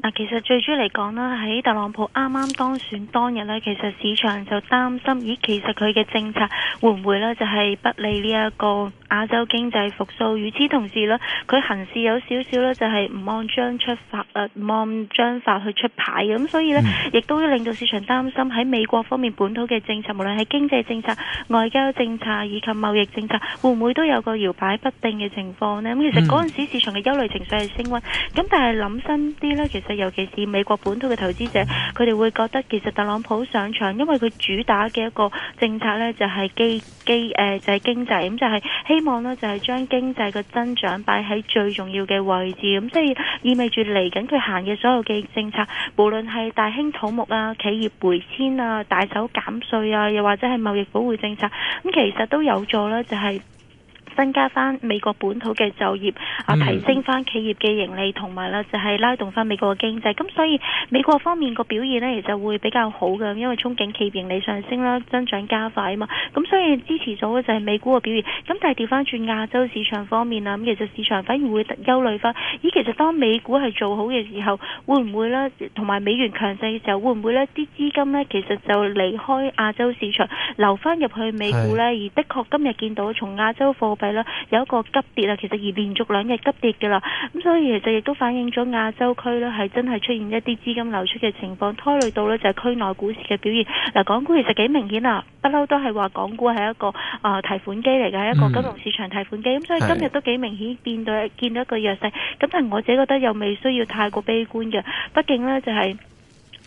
嗱，其實最主要嚟講咧，喺特朗普啱啱當選當日咧，其實市場就擔心，咦，其實佢嘅政策會唔會咧，就係不利呢一個。亞洲經濟復甦，與此同時呢，佢行事有少少呢就係唔按章出發，誒、呃，唔按章法去出牌，咁所以呢，亦、嗯、都令到市場擔心喺美國方面本土嘅政策，無論係經濟政策、外交政策以及貿易政策，會唔會都有個搖擺不定嘅情況呢？咁其實嗰陣時市場嘅憂慮情緒係升溫，咁但係諗深啲呢，其實尤其是美國本土嘅投資者，佢哋會覺得，其實特朗普上場，因為佢主打嘅一個政策呢就係基基誒，就係、是、經濟，咁就係、是希望呢就係將經濟嘅增長擺喺最重要嘅位置，咁即係意味住嚟緊佢行嘅所有嘅政策，無論係大興土木啊、企業回遷啊、大手減稅啊，又或者係貿易保護政策，咁其實都有助呢就係、是。增加翻美國本土嘅就業，啊提升翻企業嘅盈利，同埋咧就係拉動翻美國嘅經濟。咁所以美國方面個表現呢，其實會比較好嘅，因為憧憬企業盈利上升啦，增長加快啊嘛。咁所以支持咗嘅就係美股嘅表現。咁但係調翻轉亞洲市場方面啊，咁其實市場反而會憂慮翻。咦，其實當美股係做好嘅時候，會唔會呢？同埋美元強勢嘅時候，會唔會呢啲資金呢？其實就離開亞洲市場，流翻入去美股呢？是而的確今日見到從亞洲貨幣。係啦，有一個急跌啊，其實而連續兩日急跌嘅啦，咁所以其實亦都反映咗亞洲區咧係真係出現一啲資金流出嘅情況，拖累到咧就係區內股市嘅表現。嗱，港股其實幾明顯啊，不嬲都係話港股係一個誒提款機嚟嘅，係一個金融市場提款機，咁、嗯、所以今日都幾明顯變到是見到一個弱勢。咁但係我自己覺得又未需要太過悲觀嘅，畢竟咧就係、是。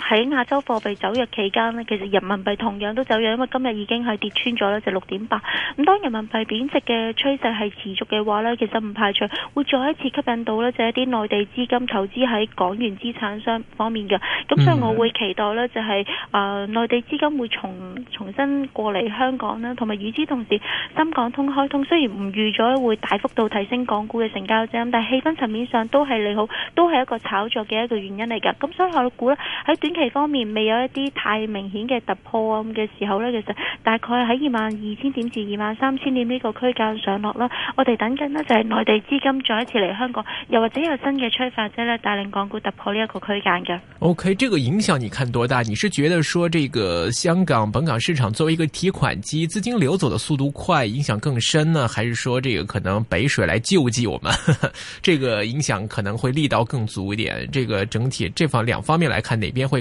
喺亞洲貨幣走弱期間呢，其實人民幣同樣都走弱，因為今日已經係跌穿咗呢，就六點八。咁當人民幣貶值嘅趨勢係持續嘅話呢，其實唔排除會再一次吸引到呢，就係一啲內地資金投資喺港元資產商方面嘅。咁所以，我會期待呢，就係，啊，呃，內地資金會重重新過嚟香港啦，同埋與之同時，深港通開通，雖然唔預咗會大幅度提升港股嘅成交，但氣氛層面上都係利好，都係一個炒作嘅一個原因嚟㗎。咁所以我，我估呢，喺短期方面未有一啲太明顯嘅突破咁嘅時候呢，其實大概喺二萬二千點至二萬三千點呢個區間上落啦。我哋等緊呢就係、是、內地資金再一次嚟香港，又或者有新嘅催化劑呢帶領港股突破呢一個區間嘅。OK，這個影響你看多大？你是覺得說，這個香港本港市場作為一個提款機，資金流走的速度快，影響更深呢？還是說，這個可能北水來救濟我們， 這個影響可能會力道更足一點？這個整體這方兩方面來看，哪邊會？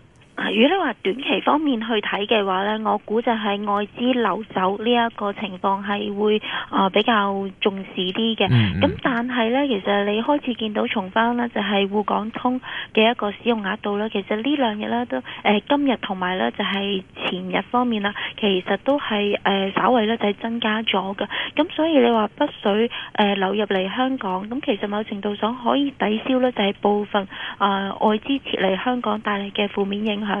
如果你話短期方面去睇嘅話呢，我估就係外資流走呢一個情況係會、呃、比較重視啲嘅。咁、mm hmm. 但係呢，其實你開始見到重返呢就係、是、滬港通嘅一個使用額度呢，其實呢兩日呢都誒、呃、今日同埋呢就係前日方面啦，其實都係誒、呃、稍微呢就係增加咗嘅。咁所以你話北水誒、呃、流入嚟香港，咁其實某程度上可以抵消呢就係部分啊、呃、外資撤離香港帶嚟嘅負面影響。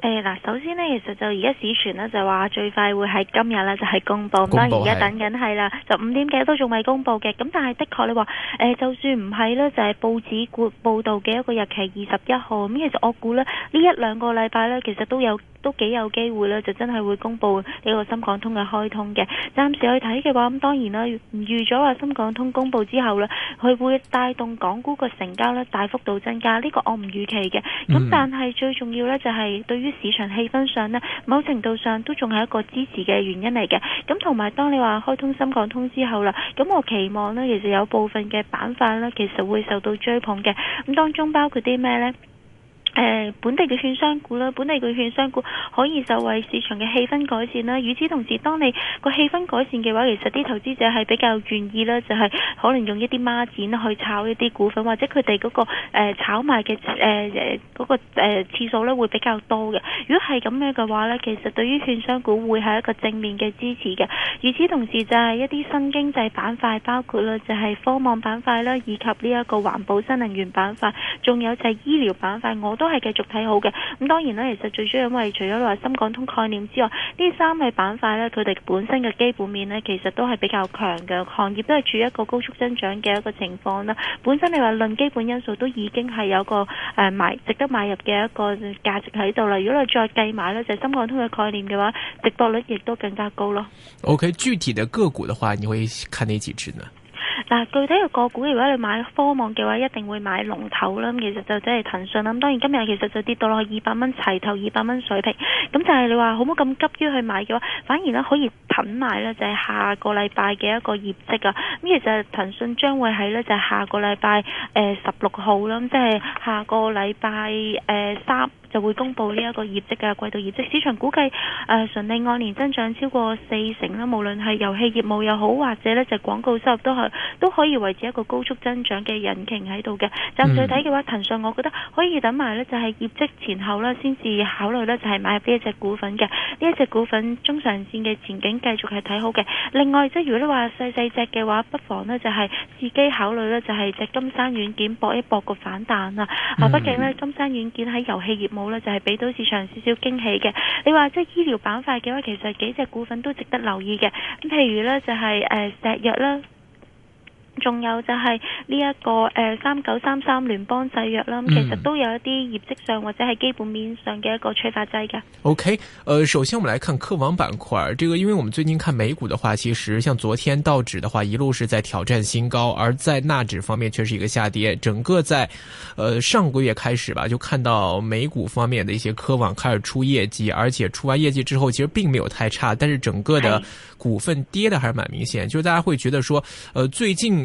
誒，嗱、呃，首先咧，其實就而家市傳咧就話最快會喺今日咧就係公布，咁當然而家等緊係啦，就五點幾都仲未公布嘅。咁但係的確你話，誒、呃，就算唔係咧，就係報紙報報道嘅一個日期二十一號，咁其實我估咧呢一兩個禮拜咧，其實都有。都幾有機會咧，就真係會公布呢個深港通嘅開通嘅。暫時去睇嘅話，咁當然啦，預咗話深港通公布之後呢，佢會帶動港股嘅成交咧大幅度增加。呢個我唔預期嘅。咁但係最重要呢，就係對於市場氣氛上呢，某程度上都仲係一個支持嘅原因嚟嘅。咁同埋，當你話開通深港通之後啦，咁我期望呢，其實有部分嘅板塊呢，其實會受到追捧嘅。咁當中包括啲咩呢？誒本地嘅券商股啦，本地嘅券商股可以受惠市場嘅氣氛改善啦。與此同時，當你個氣氛改善嘅話，其實啲投資者係比較願意啦，就係可能用一啲孖展去炒一啲股份，或者佢哋嗰個誒、呃、炒賣嘅誒誒嗰個誒、呃、次數咧會比較多嘅。如果係咁樣嘅話咧，其實對於券商股會係一個正面嘅支持嘅。與此同時，就係一啲新經濟板塊，包括啦就係科網板塊啦，以及呢一個環保新能源板塊，仲有就係醫療板塊，我都。都係繼續睇好嘅，咁當然啦，其實最主要因為除咗你話深港通概念之外，呢三個板塊呢，佢哋本身嘅基本面呢，其實都係比較強嘅，行業都係處於一個高速增長嘅一個情況啦。本身你話論基本因素都已經係有一個誒買、呃、值得買入嘅一個價值喺度啦。如果你再計埋呢就是、深港通嘅概念嘅話，回報率亦都更加高咯。O、okay, K，具體嘅個股嘅話，你會看呢幾隻呢？嗱，具體嘅個股，如果你買科網嘅話，一定會買龍頭啦。咁其實就即係騰訊啦。咁當然今日其實就跌到落去二百蚊齊頭，二百蚊水平。咁就係你話可唔可以咁急於去買嘅話，反而咧可以等埋咧，就係下個禮拜嘅一個業績啊。咁其實騰訊將會喺咧就係下個禮拜誒十六號啦，咁即係下個禮拜誒三。呃就會公布呢一個業績嘅季度業績，市場估計呃、純利按年增長超過四成啦。無論係遊戲業務又好，或者呢就廣告收入都係都可以維持一個高速增長嘅引擎喺度嘅。暫時睇嘅話，騰訊我覺得可以等埋呢，就係業績前後啦，先至考慮呢，就係買入呢一隻股份嘅。呢一隻股份中長線嘅前景繼續係睇好嘅。另外即係如果你話細細隻嘅話，不妨呢，就係自己考慮呢，就係隻金山軟件搏一搏個反彈啊！啊、嗯，畢竟呢，嗯、金山軟件喺遊戲業。好啦，就係俾到市場少少驚喜嘅。你話即係醫療板塊嘅話，其實幾隻股份都值得留意嘅。咁譬如咧、就係，就係誒石藥啦。仲有就係呢一個誒三九三三聯邦製約啦，咁其實都有一啲業績上或者係基本面上嘅一個催化劑嘅。OK，誒，首先我們來看科網板塊，這個，因為我們最近看美股的話，其實像昨天道指的話一路是在挑戰新高，而在納指方面卻是一個下跌。整個在誒、呃、上個月開始吧，就看到美股方面的一些科網開始出業績，而且出完業績之後其實並沒有太差，但是整個的股份跌的還是蠻明顯，是就是大家會覺得說，誒、呃、最近。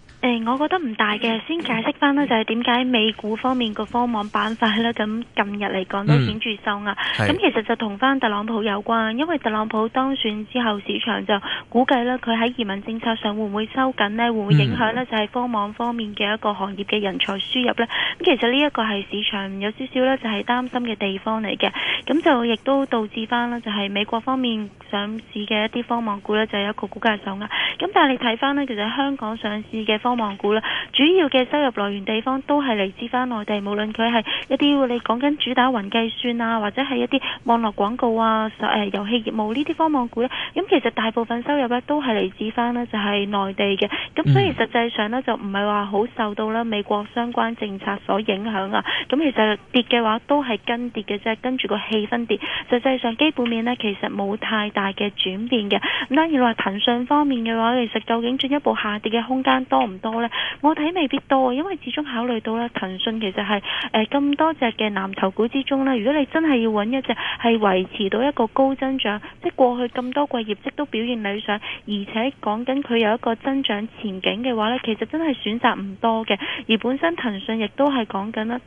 誒，我覺得唔大嘅，先解釋翻呢就係點解美股方面個科網板塊呢？咁近日嚟講都顯著受壓。咁、嗯、其實就同翻特朗普有關，因為特朗普當選之後，市場就估計呢佢喺移民政策上會唔會收緊呢？會唔會影響呢？就係科網方面嘅一個行業嘅人才輸入呢。咁其實呢一個係市場有少少呢，就係擔心嘅地方嚟嘅。咁就亦都導致翻呢就係美國方面上市嘅一啲科網股呢，就有一個股價受壓。咁但係你睇翻呢，其實香港上市嘅科方望股啦，主要嘅收入來源地方都係嚟自翻內地，無論佢係一啲你講緊主打雲計算啊，或者係一啲網絡廣告啊、誒遊戲業務呢啲方望股咧，咁其實大部分收入咧都係嚟自翻呢，就係內地嘅，咁所以實際上呢就唔係話好受到咧美國相關政策所影響啊，咁其實跌嘅話都係跟跌嘅啫，跟住個氣氛跌，實際上基本面呢其實冇太大嘅轉變嘅，咁當然話騰訊方面嘅話，其實究竟進一步下跌嘅空間多唔多？多呢？我睇未必多，因為始終考慮到咧，騰訊其實係誒咁多隻嘅藍籌股之中呢，如果你真係要揾一隻係維持到一個高增長，即係過去咁多季業績都表現理想，而且講緊佢有一個增長前景嘅話呢，其實真係選擇唔多嘅，而本身騰訊亦都係講緊咧。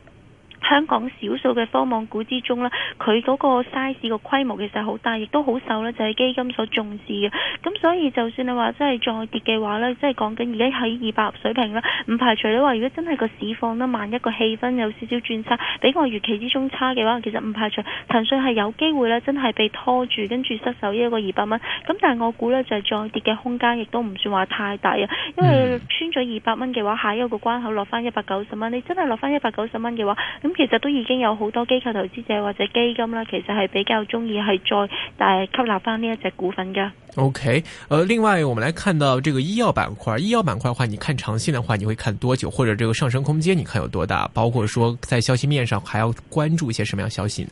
香港少數嘅科網股之中呢，佢嗰個 size 個規模其實好大，亦都好受呢就係、是、基金所重視嘅。咁所以就算你話真係再跌嘅話呢，即係講緊而家喺二百水平啦，唔排除你話如果真係個市況呢萬一個氣氛有少少轉差，比我預期之中差嘅話，其實唔排除騰訊係有機會呢真係被拖住跟住失守一個二百蚊。咁但係我估呢，就係再跌嘅空間亦都唔算話太大啊，因為穿咗二百蚊嘅話，下一個關口落翻一百九十蚊。你真係落翻一百九十蚊嘅話，其實都已經有好多機構投資者或者基金啦，其實係比較中意係再大吸納翻呢一隻股份嘅。OK，呃，另外我們來看到這個醫藥板塊，醫藥板塊嘅話，你看長線嘅話，你會看多久，或者這個上升空間，你看有多大？包括說在消息面上，還要關注一些什麼樣消息呢？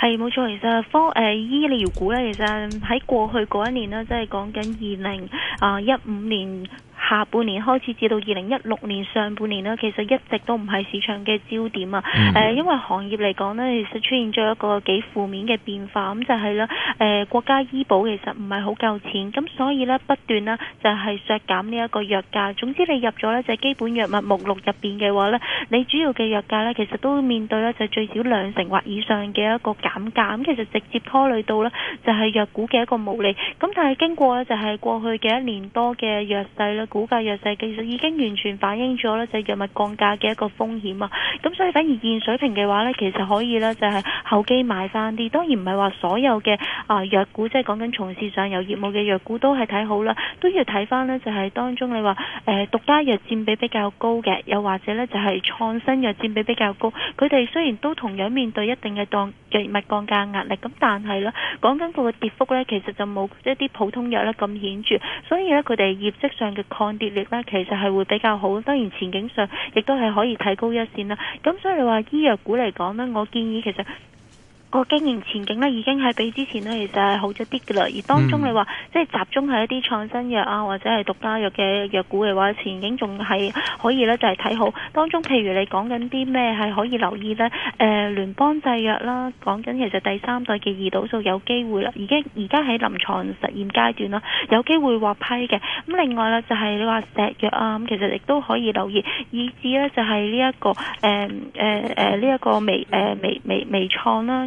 係冇錯，其實科誒，呃，醫療股咧，其實喺過去嗰一年呢，即係講緊二零啊一五年。下半年開始至到二零一六年上半年呢，其實一直都唔係市場嘅焦點啊。誒、mm hmm. 呃，因為行業嚟講呢，其實出現咗一個幾負面嘅變化，咁就係咧誒，國家醫保其實唔係好夠錢，咁所以呢不斷呢就係削減呢一個藥價。總之你入咗呢就係、基本藥物目錄入邊嘅話呢，你主要嘅藥價呢，其實都會面對呢就最少兩成或以上嘅一個減價。咁其實直接拖累到呢就係藥股嘅一個毛利。咁但係經過呢，就係過去嘅一年多嘅弱勢咧。股價弱勢，其實已經完全反映咗咧，就係藥物降價嘅一個風險啊！咁所以反而現水平嘅話咧，其實可以咧，就係後機買翻啲。當然唔係話所有嘅啊藥股，即係講緊從事上游業務嘅藥股都係睇好啦，都要睇翻咧，就係、是、當中你話、呃、獨家藥佔比比較高嘅，又或者咧就係創新藥佔比比較高，佢哋雖然都同樣面對一定嘅降藥物降價壓力，咁但係咧講緊佢個跌幅咧，其實就冇一啲普通藥咧咁顯著，所以咧佢哋業績上嘅抗跌力咧，其實係會比較好，當然前景上亦都係可以睇高一綫啦。咁所以你話醫藥股嚟講咧，我建議其實。個經營前景咧已經係比之前咧其實係好咗啲噶啦，而當中你話即係集中喺一啲創新藥啊或者係獨家藥嘅藥股嘅話，前景仲係可以咧，就係睇好當中。譬如你講緊啲咩係可以留意咧？誒、呃、聯邦製藥啦，講緊其實第三代嘅胰島素有機會啦，已經而家喺臨床實驗階段啦，有機會獲批嘅。咁另外啦，就係、是、你話石藥啊，咁其實亦都可以留意，以至咧就係呢一個誒誒誒呢一個微誒、呃、微微微創啦。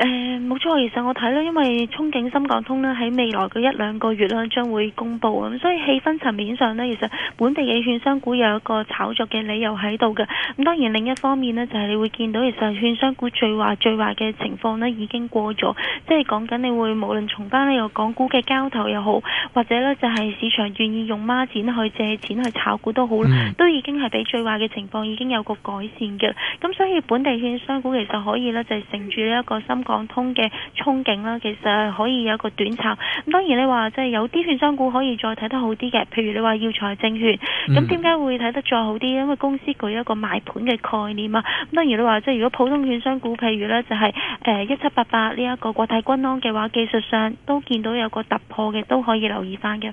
誒，冇錯，嗯，其實我睇咧，因為憧憬深港通咧喺未來嘅一兩個月咧，將會公布，咁所以氣氛層面上呢，其實本地嘅券商股有一個炒作嘅理由喺度嘅。咁當然另一方面咧，就係、是、你會見到，其實券商股最壞最壞嘅情況呢已經過咗，即係講緊你會無論從翻呢個港股嘅交投又好，或者呢就係市場願意用孖展去借錢去炒股都好，嗯、都已經係比最壞嘅情況已經有個改善嘅。咁所以本地券商股其實可以呢，就係、是、乘住呢一個深港通嘅憧憬啦，其實可以有個短炒。咁當然你話即係有啲券商股可以再睇得好啲嘅，譬如你話耀才證券，咁點解會睇得再好啲？因為公司具一個賣盤嘅概念啊。咁當然你話即係如果普通券商股，譬如呢就係誒一七八八呢一個國泰君安嘅話，技術上都見到有個突破嘅，都可以留意翻嘅。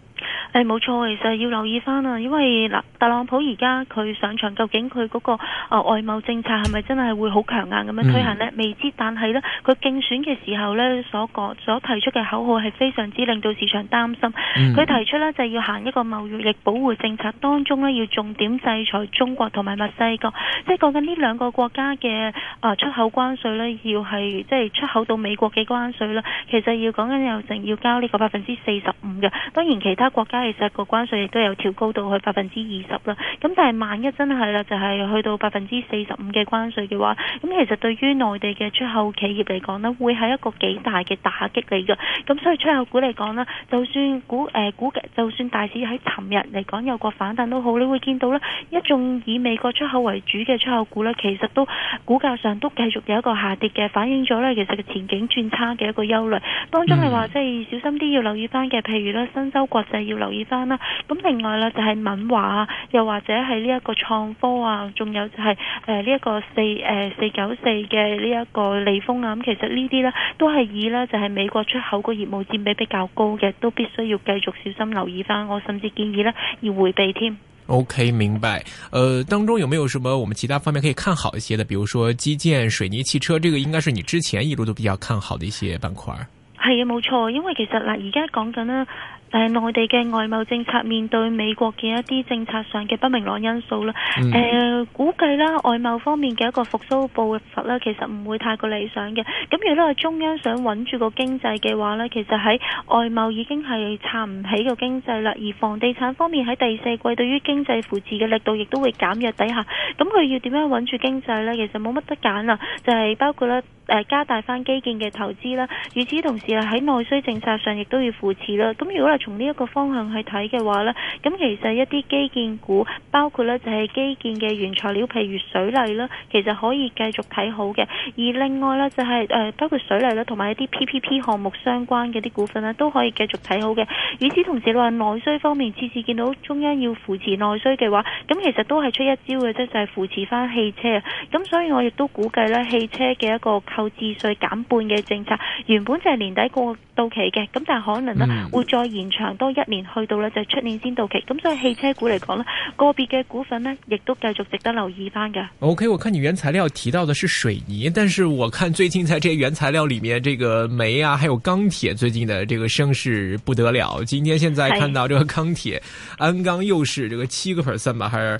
誒冇錯，其實要留意翻啊，因為嗱，特朗普而家佢上場，究竟佢嗰個外貿政策係咪真係會好強硬咁樣推行呢？嗯、未知，但係呢，佢競選嘅時候呢，所講所提出嘅口號係非常之令到市場擔心。佢、嗯、提出呢，就要行一個貿易、易保護政策，當中呢要重點制裁中國同埋墨西哥，即係講緊呢兩個國家嘅出口關稅呢，要係即係出口到美國嘅關稅啦，其實要講緊又成要交呢個百分之四十五嘅，當然其他國家。其實個關稅亦都有調高到去百分之二十啦，咁但係萬一真係啦，就係、是、去到百分之四十五嘅關稅嘅話，咁其實對於內地嘅出口企業嚟講呢會係一個幾大嘅打擊嚟噶咁所以出口股嚟講呢就算估，誒、欸、股就算大市喺尋日嚟講有個反彈都好，你會見到呢一眾以美國出口為主嘅出口股呢其實都股價上都繼續有一個下跌嘅，反映咗呢其實嘅前景轉差嘅一個憂慮。當中係話即係小心啲要留意翻嘅，譬如呢新洲國際要留。返啦，咁另外啦就係敏華，又或者係呢一個創科啊，仲有就係誒呢一個四誒四九四嘅呢一個利豐啊，咁其實呢啲咧都係以咧就係美國出口個業務佔比比較高嘅，都必須要繼續小心留意返。我甚至建議咧要回避添。OK，明白。誒、呃，當中有冇有什麼我們其他方面可以看好一些的？比如說基建、水泥、汽車，這個應該是你之前一路都比較看好的一些板塊。係啊，冇錯，因為其實嗱，而家講緊啦。但係、呃、內地嘅外貿政策面對美國嘅一啲政策上嘅不明朗因素啦，誒、嗯呃、估計啦外貿方面嘅一個復蘇步伐咧，其實唔會太過理想嘅。咁如果係中央想穩住個經濟嘅話咧，其實喺外貿已經係撐唔起個經濟啦。而房地產方面喺第四季對於經濟扶持嘅力度亦都會減弱底下，咁、呃、佢要點樣穩住經濟咧？其實冇乜得揀啦，就係、是、包括咧誒、呃、加大翻基建嘅投資啦。與此同時啊，喺內需政策上亦都要扶持啦。咁、呃、如果從呢一個方向去睇嘅話呢，咁其實一啲基建股，包括呢就係基建嘅原材料，譬如水泥啦，其實可以繼續睇好嘅。而另外呢、就係，就、呃、係包括水泥啦，同埋一啲 P P P 項目相關嘅啲股份呢，都可以繼續睇好嘅。與此同時你話內需方面，次次見到中央要扶持內需嘅話，咁其實都係出一招嘅啫，就係、係、扶持翻汽車。咁所以我亦都估計呢汽車嘅一個購置稅減半嘅政策，原本就係年底過到期嘅，咁但係可能呢會再延。嗯.長多一年去到呢，就係出年先到期，咁所以汽車股嚟講呢個別嘅股份呢，亦都繼續值得留意翻嘅。O、okay, K，我看你原材料提到的是水泥，但是我看最近在這些原材料裏面，這個煤啊，還有鋼鐵最近的這個聲勢不得了。今天現在看到這個鋼鐵，鞍鋼又是這個七個 percent 吧還是？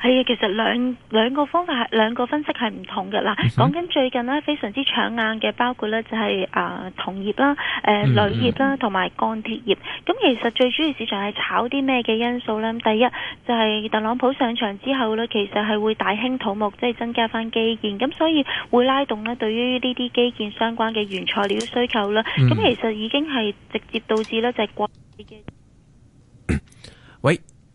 係啊，其實兩兩個方法，兩個分析係唔同嘅啦。講緊行最近呢，非常之搶眼嘅，包括呢就係、是、誒、呃、銅業啦、誒、呃、鋁業啦，同埋鋼鐵業。咁其實最主要市場係炒啲咩嘅因素呢？第一就係、是、特朗普上場之後呢，其實係會大興土木，即係增加翻基建，咁所以會拉動呢對於呢啲基建相關嘅原材料需求啦。咁、嗯、其實已經係直接導致呢就係國嘅。喂。